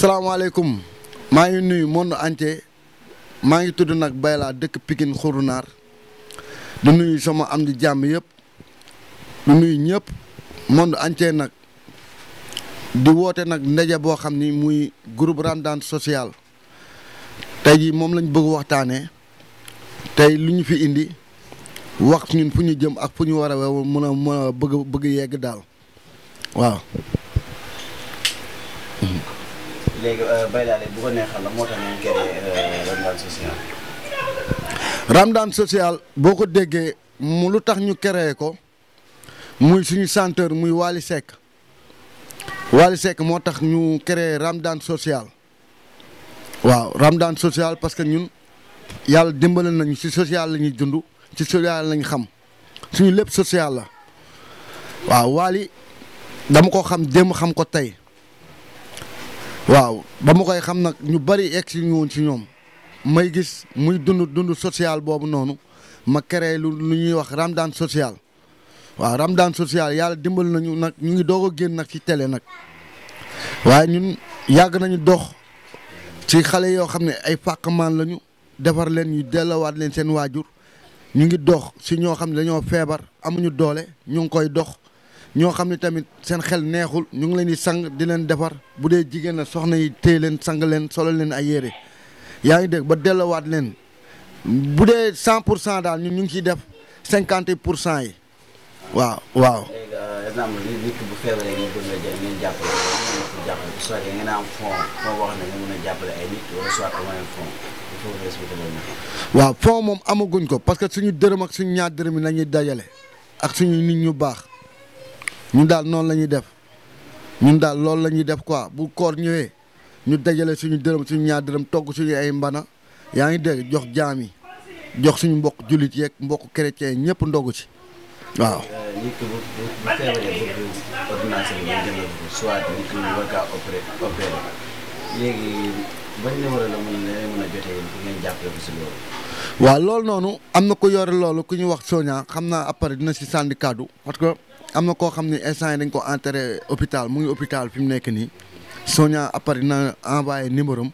Assalamualaikum, maa ngi nuyu monde entier ma ngi tudd nag Bayla dëkk Pikine khurunar du nuyu sama am di jam yep, du nuyu ñëpp monde entier nak di wote nak ndaje bo xam ni muy groupe Ramadan social tey jii moom lañ bëgg waxtaanee tey lu fi indi wax ñun fu jëm ak fu wara war a mën a mën a bëgg bëgg yegg waaw. léegi euh, Baye euh, social. boo ko déggee mu lu tax ñu créé ko muy suñu chanteur muy Waly Seck Waly Seck moo tax ñu créé Ramadan social waaw Ramadan social parce que ñun yàlla dimbale nañu ci social la ñuy dund ci social lañu xam suñu lépp social la waaw Waly dama ko xam démb xam ko tey. waaw ba ma koy xam nag ñu bari egg si ñu woon si ñoom may gis muy dund dund social boobu noonu ma créé lu lu ñuy wax ramadan sociale waaw ramadan sociale yàlla dimbal nañu nag ñu ngi doog a génn nag ci télé nag waaye ñun yàgg nañu dox ci xale yoo xam ne ay fàqmaan lañu defar leen ñu dellawaat leen seen waajur ñu ngi dox si ñoo xam ne dañoo feebar amuñu doole ñu ngi koy dox ñoo xam ne tamit seen xel neexul ñu ngi leen di sang di leen defar bu dee jigéen la soxna yi téye leen sang leen solo leen ay yére yaa ngi dégg ba dellowaat leen bu dee cent pour cent daal ñun ñu ngi ciy def cinquante pour cent yi waaw waaw. waaw fond moom amaguñ ko parce que suñu dërëm ak suñu ñaar dërëm yi nañuy dajale ak suñu nit ñu baax. ñun daal noonu lañuy def ñun daal loolu la ñuy def quoi bu koor ñëwee ñu dajale suñu dërëm suñu ñaar dërëm togg suñu ay mbana yaa ngi dégg jox jaam jox suñu mbokk jullit yeeg mbokk chrétien ñëpp ndogu ci si loolu. waaw loolu noonu am na ko yore loolu ku ñu wax Sonia xam naa après dina si sànni kaddu amna ko xamni instant dañ ko enterrer hôpital mu ngi hôpital fim nek ni Sonia après na envoyer numéro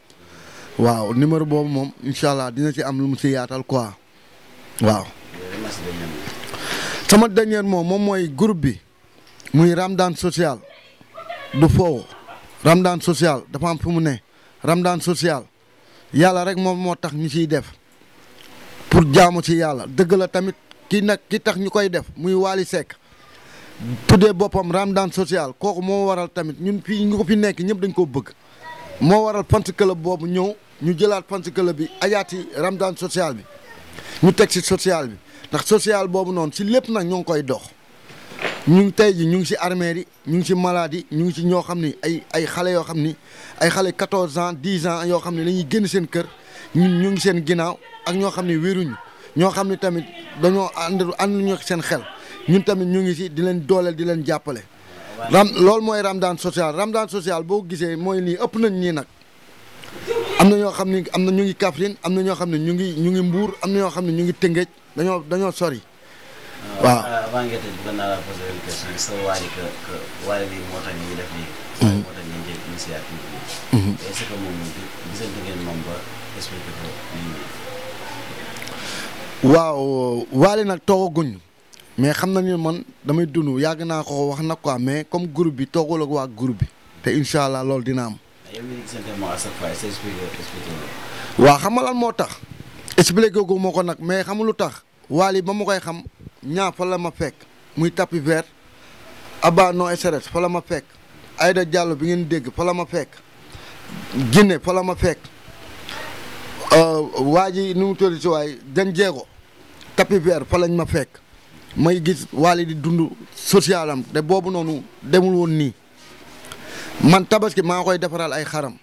waaw numéro bobu mom inshallah dina ci am lu mu si yaatal quoi waaw. sama dernier mom mom moy groupe bi muy ramdan social du ramdan Ramadan social dafa am fu mu ne Ramadan social yalla rek mom mo tax ñu ci def pour jaamu ci yalla deug la tamit ki nak ki tax ñukoy def muy wali sek tuddee boppam ramadan social kooku moo waral tamit ñun fii ñu ko fi nekk ñëpp dañ koo bëgg moo waral fans club boobu ñëw ñu jëlaat fans club bi ajaati ramadan social bi ñu teg si social bi ndax social boobu noonu si lépp nag ñoo ngi koy dox ñu ngi tey ji ñu ngi si armée yi ñu ngi si maladie ñu ngi si ñoo xam ni ay ay xale yoo xam ni ay xale quatorze ans dix ans yoo xam ne dañuy génn seen kër ñun ñu ngi seen ginnaaw ak ñoo xam ne wéruñu ñoo xam ne tamit dañoo ànd ànd ñu seen xel ñun tamit ñu ngi si di leen dooleel di leen jàppale. ram loolu mooy ramadan social ramadan social boo gisee mooy nii ëpp nañ nii nag am na ñoo xam ne am na ñu ngi Kaffrine am na ñoo xam ne ñu ngi ñu ngi Mbour am na ñoo xam ne ñu ngi Tëngéej dañoo dañoo sori. Euh, waaw avant nga tëj mm-hmm. bëgg mm-hmm. nag toogaguñ. mais xam na ni man damay dund yàgg naa ko wax nag quoi mais comme groupe bi toogul ak waa groupe bi te incha allah loolu dina am. waa xam nga lan moo tax expliqué gu ma ko nag mais xam lu tax waali ba ma koy xam ñaa fa la ma fekk muy tapis vert Abba non SRS fa la ma fekk Aïda Diallo bi ngeen dégg fa la ma fekk Guinée fa la ma fekk euh, waa ji nu mu tudd si waay den jeego tapis vert fa lañ ma fekk may gis Wally di dund social am te boobu noonu demul woon nii man tabaski maa koy defaral ay xaram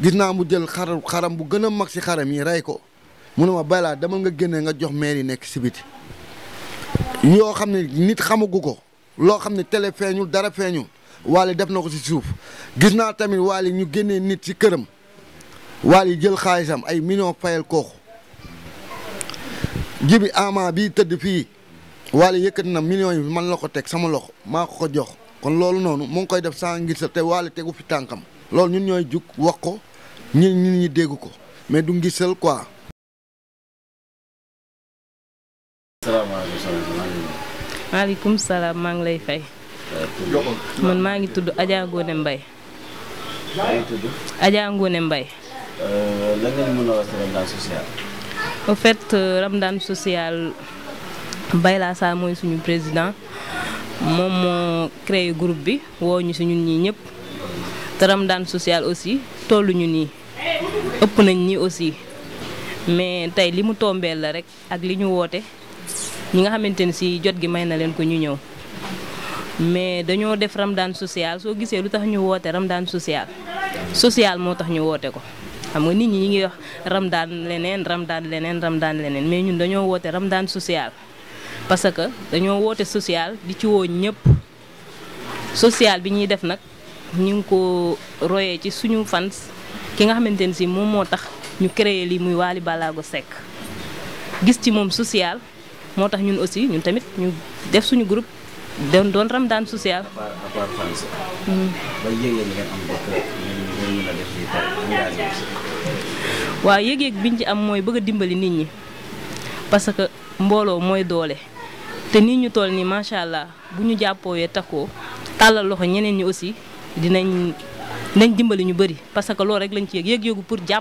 gis naa mu jël xar xaram bu gën a mag si xaram yi rey ko mu ne ma balaa demal nga génne nga jox maire yi nekk si biti yoo xam ne nit xamagu ko loo xam ne télé feeñul dara feeñul Wally def na ko si suuf gis naa tamit Wally ñu génnee nit si këram yi jël xaalisam ay millions fayal kooku jibi ama bi tëdd fii waale yëkkati na millions yi man la ko teg sama loxo maa ko ko jox kon loolu noonu mu ngi koy def sans ngir sa te waale tegu fi tànkam loolu ñun ñooy jug wax ko ñun ñun ñi déggu ko mais du ngisal quoi. maa ngi lay fay. man maa ngi tudd Adja Ngone Mbaye. Adja Ngone Mbaye. Euh, lan ngeen mën a wax Ramadan social. en fait euh, Ramadan social. Bayla sa moy suñu président mom mo créé groupe bi woñu ci ñun ñi ñëpp te ramadan social aussi ñu ni ëpp nañ ñi aussi mais tay limu mu la rek ak li ñu ñi nga xamanteni ci si jot gi may na leen ko ñu ñëw mais dañu def ramadan social so gisé lu tax ñu woté ramadan social social mo tax ñu woté ko xam nga nit ñi ñi ngi wax ramadan lenen ramadan lenen ramadan lenen, mais ñun dañu woté ramadan social parce que dañoo woote social di ci woo ñëpp social bi ñuy def nag ñu ko ci suñu fans ki nga xamante ne si moom limu tax ñu créé lii muy Wally Balago sek gis ci moom social moo tax ñun aussi ñun tamit ñu def suñu groupe doon doon ramadan social. wa part à biñ ci am bëgg dimbali nit ñi parce que doole te ni ñu toll ni macha allah bu ñu jàppoowee takkoo tàllal loxo ñeneen ñi aussi dinañ nañ dimbali ñu bëri parce que loolu rek lañ ci yëg yëg pour ñi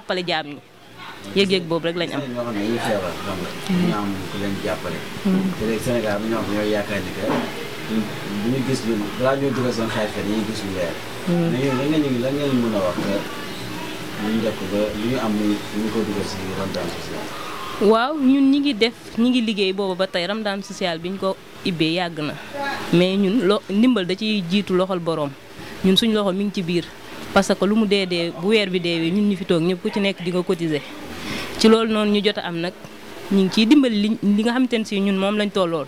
rek lañ am mm. am ku leen mm. Sénégal yaakaar ni mm. ñu gis ñu gis leer ñu ñu ñu ñu waaw ñun ñi ngi def ñi ngi liggéey booba ba tey daan sociale bi ñu ko ibbee yàgg na mais ñun lo ndimbal da ciy jiitu loxol boroom ñun suñ loxo mi ngi ci biir parce que lu mu dee dee bu weer bi deewee ñun ñu fi toog ñëpp ku ci nekk di nga cotiser ci loolu noonu ñu jot am nag ñu ngi ciy dimbali li li nga xamante ne si ñun moom lañ tollool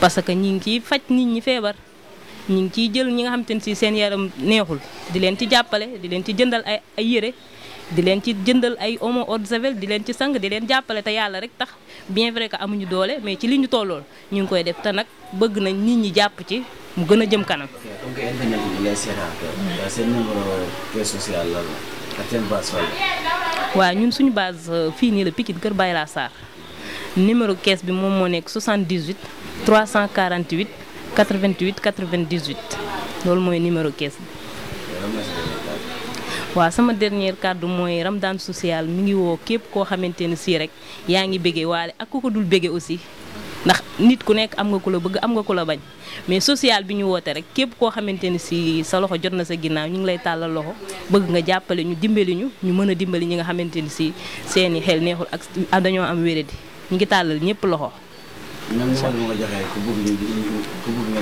parce que ñu ngi ciy faj nit ñi feebar ñu ngi ciy jël ñi nga xamante ne si seen yaram neexul di leen ci jàppale di leen ci jëndal ay ay yére di leen ci jëndal ay omo eau de di leen ci sang di leen jàppale te yàlla rek tax bien vrai que amuñu doole mais ci li ñu tollool ñu ngi koy def te nag bëgg nañ nit ñi jàpp ci mu gën a jëm kanam. waaw euh, ñun suñu base euh, fii nii la Pikine Kër Baye Laa Sarr numéro kees bi moom moo nekk 78 348 88 98 loolu mooy numéro kees bi. waaw sama dernier kàddu mooy Ramadan social mu ngi woo képp koo xamante ne sii rek yaa ngi béggee waale ak ku ko dul bëggee aussi ndax nit ku nekk am nga ku la bëgg am nga ko la bañ mais social bi ñu woote rek képp koo xamante ne si sa loxo jot na sa ginnaaw ñu ngi lay tàllal loxo bëgg nga jàppale ñu dimbali ñu ñu mën a dimbali ñi nga xamante ni si seeni xel neexul ak dañoo am wéradi ñu ngi tàllal ñëpp loxo. ñoom ñoo ma ko joxee ku ñu ku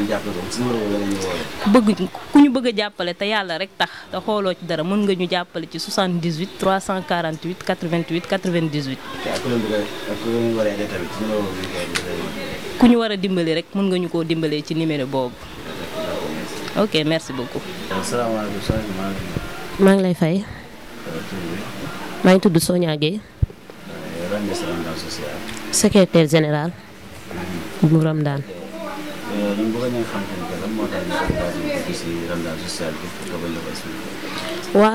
jàppale ko ku ñu bëgg a jàppale te yàlla rek tax te xooloo ci dara mën nga ñu jàppale ci 78 348 88 98. te ak ku leen bëgg ak ku leen war ku ñu war a dimbali rek mën nga ñu koo dimbalee ci numéro boobu. ok merci beaucoup. maa ngi lay. fay. maa ngi tudd Sonia secretaire eh, secrétaire général. nguuram Ramdan. ñu bëgg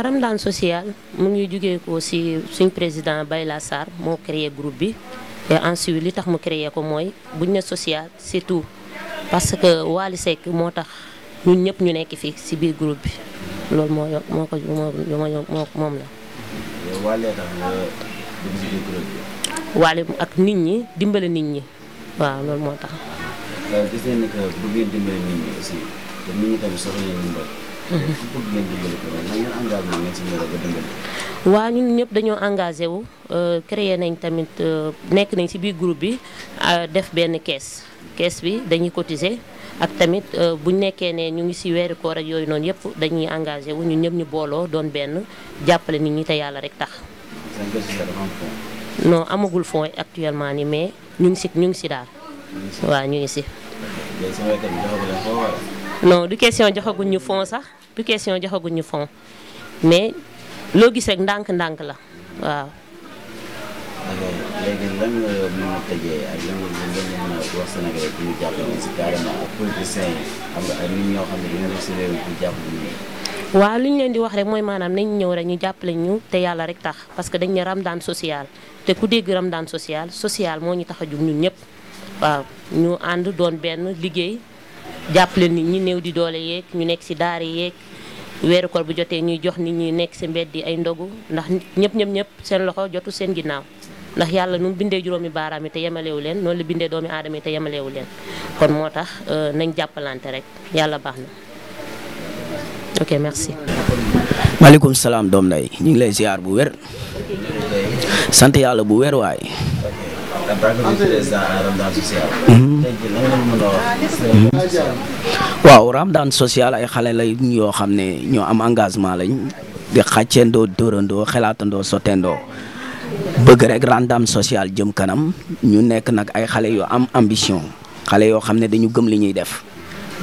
ramadan social bi nga mu ngi ko si suñ président Bayla Sarr moo créé groupe bi et ya, ensuite li tax mu sosial ko mooy buñ ne social c'est tout parce que Wally Seck moo ñun ñëpp ñu nekk fii si biir groupe bi loolu la. Eh, tax ak nit ñi dimbale nit ñi. waaw loolu moo tax. Euh, ni que waa ñun ñëpp dañoo engagé wu euh, créé nañ tamit euh, nekk nañ si biir groupe bi def benn kees kees bi dañuy cotiser ak tamit bu ñu nekkee ne ñu ngi si weeru koor yooyu noonu yëpp dañuy engagé wu ñun ñëpp ñu booloo doon benn jàppale nit ñi te yàlla rek tax. non amagul fonds actuellement ni mais. ñu ngi si ñu ngi si daal waaw ñu ngi si non du question joxaguñ ñu fond sax du question joxaguñ ñu fond mais loo gis rek ndànk-ndànk la waaw léegi ak lan nga a wax xam ne wa li leen di wax rek moy manam nañ ñëw rek ñu jàppale ñu te yalla rek tax parce que dañ ñu ramdan social te ku dégg ramdan social social mo ñu taxaju ñun ñëpp wa ñu and doon ben liggéey jàppale nit ñi néew di doole yek ñu nekk ci daara yek wéru kol bu joté ñuy jox nit ñi nekk ci mbéddi ay ndogu ndax ñëpp ñëpp ñëpp seen loxo jotu seen ginnaw ndax yalla nu bindé juroomi juróomi baaraam yi te yemalewu leen non la bindé doomi aadama yi te yemalewu leen kon motax euh nañ jappalanté rek yalla baxna ok merci. maaleykum salaam doom nday ñu ngi lay ziar bu wér. sant yàlla bu wér waay. Mhm. waaw ramadan social ay xale lay yoo xam ne ñoo am engagement lañ di xàccendoo dóorandoo xelaatandoo sotteendoo bëgg rek ramadan social jëm kanam ñu nekk nag ay xale yoo am ambition xale yoo xam ne dañu gëm li ñuy def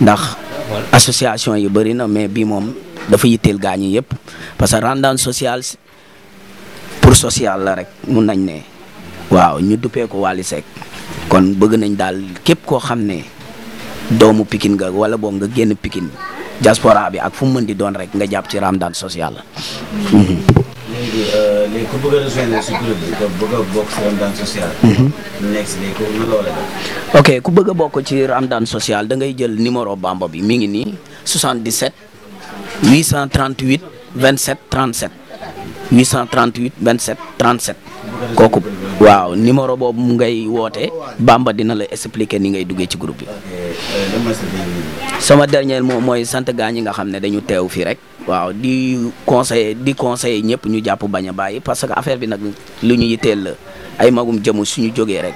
ndax association yi bëri na mais bi moom dafa yitteel gaañu ñi yëpp parce que rendement social pour social la rek mun nañ ne waaw ñu duppee ko Wally Seck kon bëgg nañ daal képp koo xam ne doomu pikin nga wala boog nga génn Pikine diaspora bi ak fu mu mën di doon rek nga jàpp ci ramadan social Uh, mm-hmm. ok ku bëgg bokk ci ramdan social da ngay jël numéro bamba bi mi ngi ni 77 838 27 37 838 27 37. koku waaw numéro bobu mu ngay woté Bamba dina la expliquer ni ngay duggé ci groupe bi. Uh, sama dernier mot moy sante gañ yi nga xamné dañu teew fi rek. waaw di conseiller di conseiller ñëpp ñu jàpp bañ a bàyyi parce que affaire bi nag lu ñu yiteel la ay magum jëmu suñu jógee rek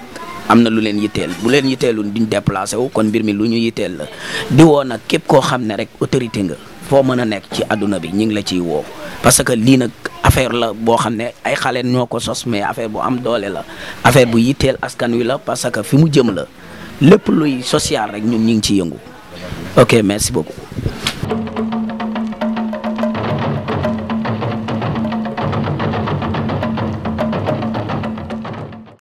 am na lu leen yitteel bu leen yitteelul duñ déplacé wu kon mbir mi lu ñu yiteel la di woo nag képp koo xam ne rek autorité nga foo mën a nekk ci àdduna bi ñu ngi la ciy woo parce que lii nag affaire la boo xam ne ay xale ñoo ko sos mais affaire bu am doole la affaire bu yiteel askan wi la parce que fi mu jëm la lépp luy social rek ñun ñu ngi ciy yëngu ok merci beaucoup.